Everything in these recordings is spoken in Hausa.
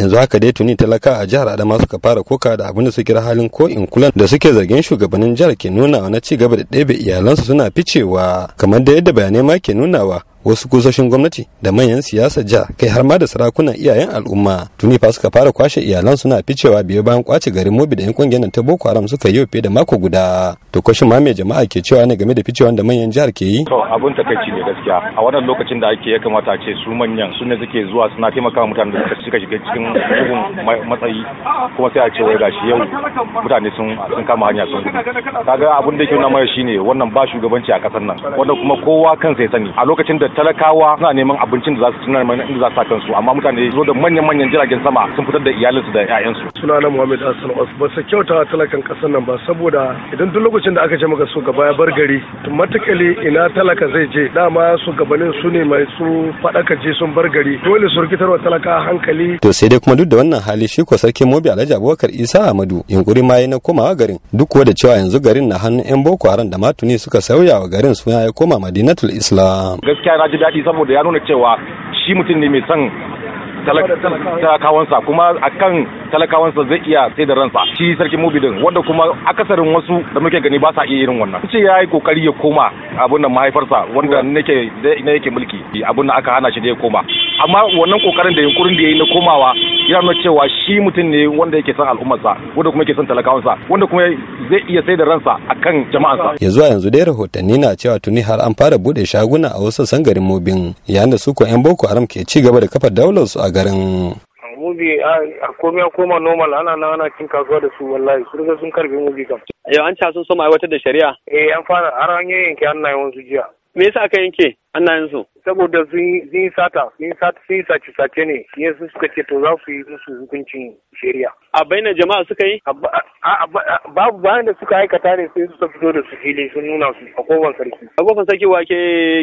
yanzu haka dai tuni talaka a jihar adama suka fara koka da abin da su kira halin ko in kulan da suke zargin shugabannin jihar ke nunawa na ci gaba da ɗebe iyalansu suna ficewa kamar da yadda bayanai ma ke nunawa wasu kusoshin gwamnati da manyan siyasa ja kai har ma da sarakunan iyayen al'umma tuni fa suka fara kwashe iyalan suna ficewa biyo bayan kwace garin mobi da yan kungiyar ta boko haram suka yi fiye da mako guda to kwashin ma mai jama'a ke cewa ne game da ficewan da manyan jihar ke yi to abun takaici ne gaskiya a wannan lokacin da ake ya kamata ce su manyan su ne suke zuwa suna taimaka mutane da suka shiga cikin bugun matsayi kuma sai a ce wai gashi yau mutane sun sun kama hanya sun kaga abun da yake nuna mai shine wannan ba shugabanci a kasar nan wanda kuma kowa kansa ya sani a lokacin da talakawa suna neman abincin da za su ci nan inda za su sa kansu amma mutane zo da manyan-manyan jiragen sama sun fitar da iyalinsu da 'ya'yansu. sunana muhammad hassan os ba sa kyauta talakan kasar nan ba saboda idan duk lokacin da aka ce maka su gaba ya bar gari to matakali ina talaka zai je dama su gabanin su ne mai su faɗaka je sun bar gari dole su rikitarwa talaka hankali. to sai dai kuma duk da wannan hali shi ko sarkin mobi alhaji abubakar isa ahmadu yunkuri ma na komawa garin duk kuwa da cewa yanzu garin na hannun yan boko haram da matuni suka sauya wa garin suna ya koma madinatul islam. gaskiya na ji daɗi saboda ya nuna cewa shi mutum ne mai san talakawansa kuma a kan talakawansa zai iya sai da ransa shi sarki mubidin wanda kuma akasarin wasu da muke gani ba sa iya irin wannan ce ya yi kokari ya koma abin da mahaifarsa wanda na yake mulki abin da aka hana shi da ya koma amma wannan kokarin da yunkurin da yayi na komawa yana nuna cewa shi mutum ne wanda yake son al'ummarsa wanda kuma yake son talakawansa wanda kuma zai iya sai da ransa akan jama'ansa ya zuwa yanzu dai rahotanni na cewa tuni har an fara bude shaguna a wasu sangarin mobin yayin da su ko yan boko haram ke ci gaba da kafa daular su a garin mubi a komai koma normal ana nan ana cin kasuwa da su wallahi sun ga sun karbe mubi kam yau an ca sun soma aiwatar da shari'a eh an fara har an yanke hannayen wasu jiya me yasa aka yanke ana yin su saboda sun yi sata sun sace sace ne shi yasa suka ce to za su yi musu hukuncin shari'a a bayyana jama'a suka yi babu bayan da suka aikata ne sai suka fito da su fili sun nuna su a kofar sarki a kofar sarki wa ke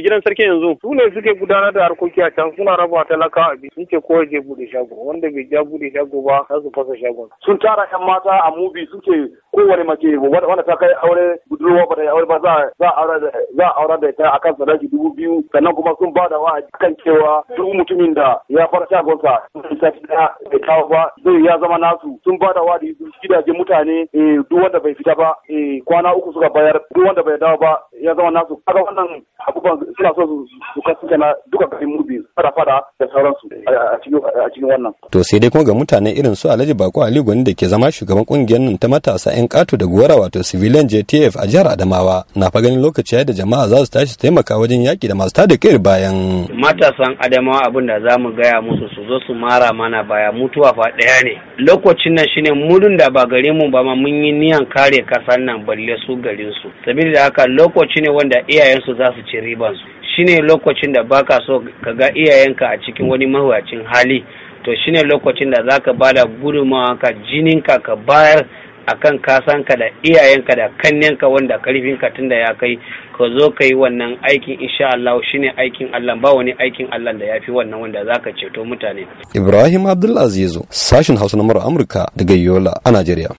gidan sarki yanzu su ne suke gudanar da harkoki a can suna raba talaka abin sun ce kowa je bude shago wanda bai ja bude shago ba za su fasa shagon sun tara yan mata a mubi suke kowane mace wanda ta kai aure budurwa ba ta aure ba za a aura da ita a akan sadaki dubu biyu sannan kuma sun ba da wa'adi kan cewa duk mutumin da ya fara shagonsa sati daya bai kawo ba zai ya zama nasu sun ba da wa'adi gidajen mutane eh, duk wanda bai fita ba eh, kwana uku suka bayar duk wanda bai dawo ba ya zama nasu kaga wannan abubuwan suna so su kasance na duka garin mubi fada fada da sauransu a cikin wannan. To sai dai kuma ga mutane irin su Alhaji Bako Ali Gwani da ke zama shugaban kungiyar nan ta matasa 'yan kato da guwara wato civilian JTF a jihar Adamawa na fa ganin lokaci da jama'a za su tashi su taimaka wajen yaki da masu tada kai bayan. Matasan Adamawa abin da za mu gaya musu su zo su mara mana baya mutuwa fa ɗaya ne lokacin nan shine mudun da ba gare mu ba ma mun yi niyan kare kasar nan balle su garin su da haka lokaci ne wanda iyayen su za su ci riban su shine lokacin da baka so ka ga iyayenka a cikin wani mahuwacin hali to shine lokacin da zaka bada gudunmawa ka jininka ka bayar akan kasanka da iyayenka da kannenka wanda karfinka tunda ya kai ka zo ka yi wannan aikin insha Allah shine aikin Allah ba wani aikin Allah da yafi wannan wanda za ka ceto mutane Ibrahim Abdulaziz sashin Hausa na Amurka daga Yola a Najeriya